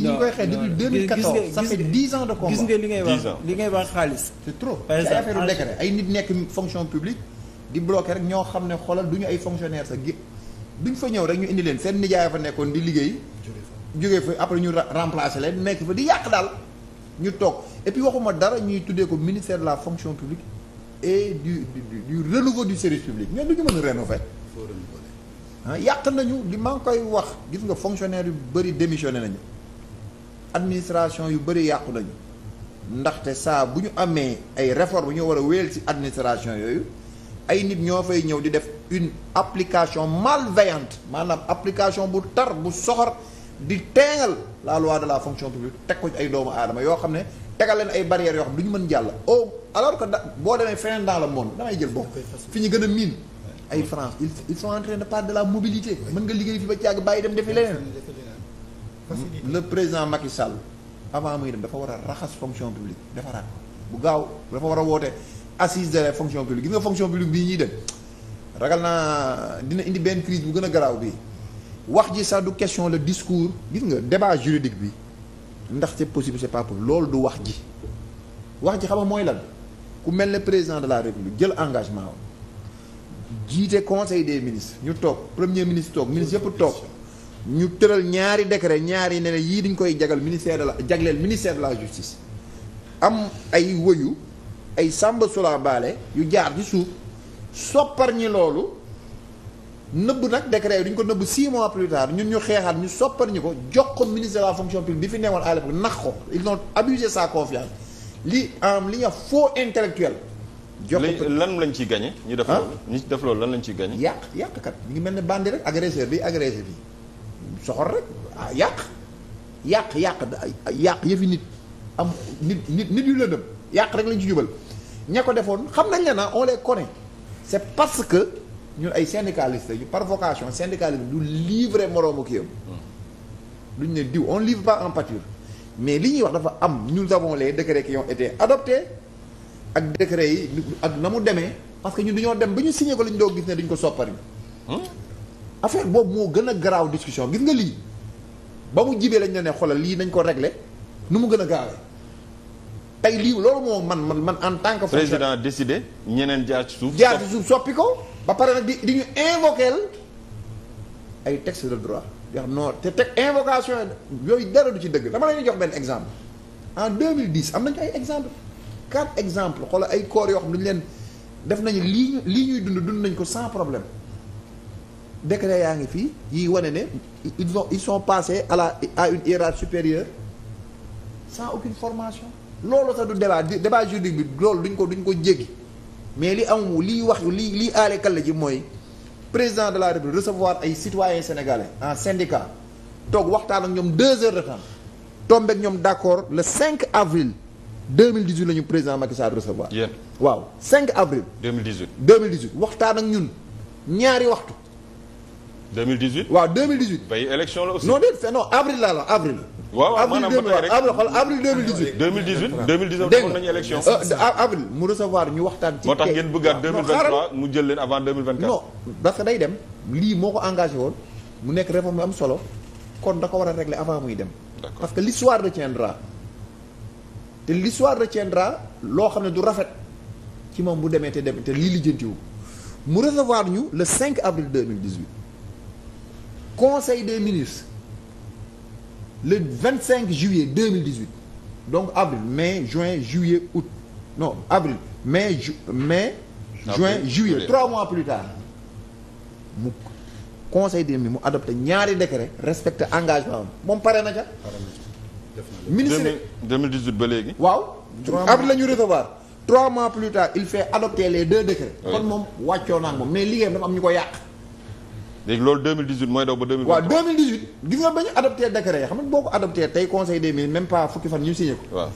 yi ñu koy xeex depuis 2014 ça fait 10 ans de combat gis nga li ngay wax xaalis c'est trop c'est affaire décret rek ñoo xam ne xoolal du ñu ay fonctionnaire sa gi duñ fa ñëw rek ñu indi leen seen nijaay fa nekkoon di liggéey jógee fa après ñu remplacer leen nekk fa di yàq daal ñu toog et puis waxuma dara ñuy tuddee ko ministère de la fonction publique et du du du renouveau du service public ñoom du ñu mën a rénover ah yàq nañu li maa ngi koy wax gis nga fonctionnaire yu bëri démissionné nañu administration yu bëri yàqu nañu ndaxte saa bu ñu amee ay réformes ñu war a wéyal ci administration yooyu ay nit ñoo fay ñëw di def une application malveillante maanaam application bu tar bu soxor di teengal la loi de la fonction publique teg ko ci ay doomu aadama yoo xam ne tegal leen ay barrières yoo xam ne ñu mën jàll. oh alors que da boo demee feneen dans le monde damay jël bokk fi ñu gën a miin ay France ils sont en train de parler de la mobilité mën nga liggéey ba càgg bàyyi dem le président Macky Sall avant muy dem dafa war a raxas fonction publique defaraat bu gaaw dafa war a woote assise de la fonction publique gis nga fonction publique bii ñuy dem ragal naa dina indi benn crise bu gën a garaaw bii wax ji sax du question le discours gis nga débat juridique bi ndax c'est possible c'est pas possible loolu du wax ji wax ji xam nga mooy lan ku mel ne président de la république jël engagement jiite conseil des ministres ñu toog premier ministre toog ministre toog ñu tëral ñaari décret ñaari ne yii dañ koy jagal ministère de la jagleel ministère de la justice am ay wëyu ay sàmba sula baale yu jaar ci suuf soppar ñi loolu nëbb nag décret yi duñ ko nëbb six mois plus tard ñun ñu xeexaat ñu soppar ñi ko jox ko ministre de la fonction publique bi fi newoon à l'époque nax ko ils ont abusé sa confiance li am li nga foo intellectuel jox ko lan lañ ciy gagné. ñu def loolu ñu def loolu lan lañ ciy gagné. yàq yàqkat mi ngi mel ne bandi rek agresseur bi agressé bi. soxor rek ah yàq yàq yàq yàq yëfi nit am nit nit nit yu lëndëm yàq rek lañ ci jubal ña ko defoon xam nañ la na on les connaît c'est parce que ñun ay syndicalistes ñu par vocation syndicaliste du livrer moroomu kii am ñu ne diw on livre pas en pâture mais li ñuy wax dafa am ñu avons les décrets qui ont été adoptés ak décrets yi ak na mu demee parce que ñun dañoo dem ba ñu signé ko la ñu doog gis ne dañ ko soppari affaire boobu moo gën a garaaw discussion gis nga lii ba mu jibee lañ ne ne xoolal lii nañ ko régler nu mu gën a gaawee tey lii loolu moo man man man en tant que. président décidé ñeneen jaar ci suuf. jaar ci suuf soppi ko ba pare nag di di ñu invoquer ay texte de droit yoo te teg invocation yooyu dara du ci dëgg dama lay jox benn exemple en 2010 am nañu ay exemple quatre exemple xoolal ay corps yoo xam ne dañu leen def nañu lii lii ñuy dund dund nañ ko sans problème. décret yaa ngi fii yi wane ne ils son ils sont passés à la à une hiérarchie supérieure sans aucune formation loolu sax du débat débat juridique bi loolu duñ ko duñ ko jéggi mais li am liy wax li liy aale kàlla ji mooy président de la République recevoir ay citoyens sénégalais en syndicat toog waxtaan ak ñoom deux heures de temps tombe ak ñoom d'accord le 5 avril 2018 la ñu président Macky Sall recevoir. waaw 5 avril. 2018 2018 waxtaan ak ñun ñaari waxtu. 2018 waaw 2018. bay élection la aussi. non déet non avril laa la avril. waaw waaw maanaam avril xool euh, avril mu recevoir ñu waxtaan. ci moo tax ngeen bëggaat 2023 mu jël leen avant 2024. non parce que day dem lii moo ko engagé woon mu nekk réforme yu am solo kon da ko war a régler avant muy dem. parce que l'histoire retiendra te l'histoire retiendra loo xam ne du rafet ci moom bu demee te dem te lii lijjantiwu mu recevoir ñu le 5 avril 2018. conseil des ministres le 25 juillet 2018 donc avril mai juin juillet août non avril mai ju mai juin juillet trois mois plus tard mu conseil des ministres mu adopté ñaari décret respecté engagement moom pare na ca ministre 2018 ba léegi waaw avril la ñu recevoir trois mois plus tard il fait adopter les deux décrets kon moom wàccoo naa moom mais liggéeyam dafa am ñu ko yàq léegi loolu 2018 mooy daw ba 2018. waaw 2018 gis nga ba ñu adopté décret xam nga boo ko adopté tey conseil des ministres même pas fukki fan ñu signé ko. waaw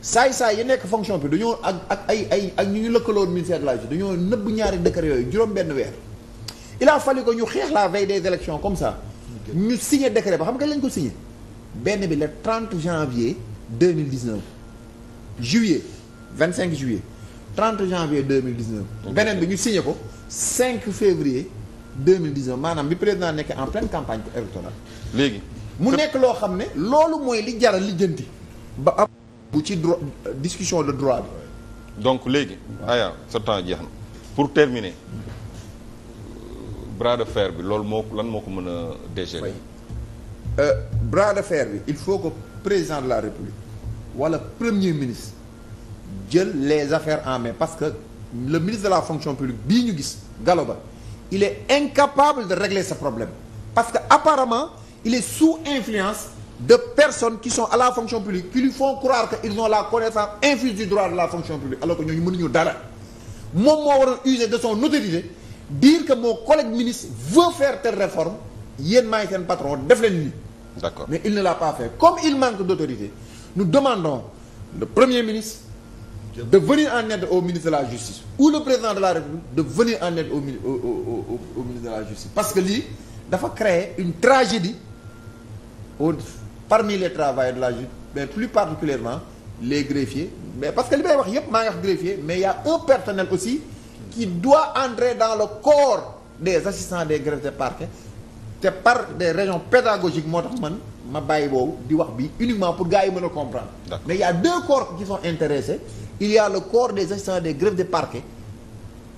saay saay yi nekk fonction bi dañoo ak ak ay ay ak ñu ñu lëkkaloon ministère de la justice dañoo nëbb ñaari décret yooyu juróom-benn weer. il a fallu que ñu xeex la veille des élections comme ça. ñu signé décret ba xam nga lañ ko signé. benn bi le 30 janvier 2019 juillet 25 juillet 30 janvier 2019. beneen bi ñu signé ko 5 février. 2019 maanaam bi président nekk en pleine campagne électorale léegi mu nekk loo xam ne loolu mooy li jaral lijjanti ba ab bu ci droit discussion de droit bi donc léegi aya sa jeex na pour terminer bras de fer bi loolu moo lan moo ko mën a dégérer euh, bras de fer bi il faut que président de la république wala premier ministre jël les affaires en mais parce que le ministre de la fonction publique bii ñu gis ba il est incapable de régler ce problème parce que apparemment il est sous influence de personnes qui sont à la fonction publique qui lui font croire que ils ont la connaissance infuse du droit de la fonction publique alors que ñooñu mënuñu dara moom moo waroon user de son autorité dire que mon collègue ministre veut faire telle réforme yéen maay seen patron def leen nii d'accord mais il ne l'a pas fait comme il manque d'autorité nous demandons le de venir en aide au ministre de la justice ou le président de la république de venir en aide au ministre de la justice parce que li dafa créer une tragédie au parmi les travailleurs de la justice mais plus particulièrement les greffiers mais parce que li may wax yépp maa ngi wax greffier mais y a un personnel aussi qui doit entrer dans le corps des assistants des greffes de parquet te par des régions pédagogiques moo tax man ma bàyyi boobu di wax bi uniquement pour gars yi mën a comprendre a deux il y a le corps des assistants des greffes de parquet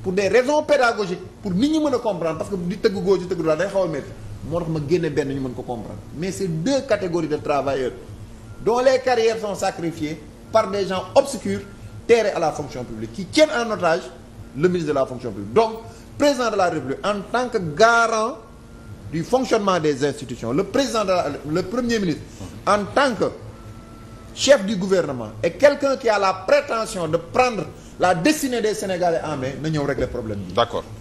pour des raisons pédagogiques pour nit ñi mën a comprendre parce que di tëgg góor di tëgg droit day xaw a métti moo tax ma génne benn ñu mën ko comprendre mais c'est deux catégories de travailleurs dont les carrières sont sacrifiées par des gens obscurs terrés à la fonction publique qui tiennent en otage le ministre de la fonction publique donc président de la République en tant que garant du fonctionnement des institutions le président de la, le premier en tant que chef du gouvernement et quelqu'un qui a la prétention de prendre la destinée des Sénégalais en main na ñëw régler problème bi d'accord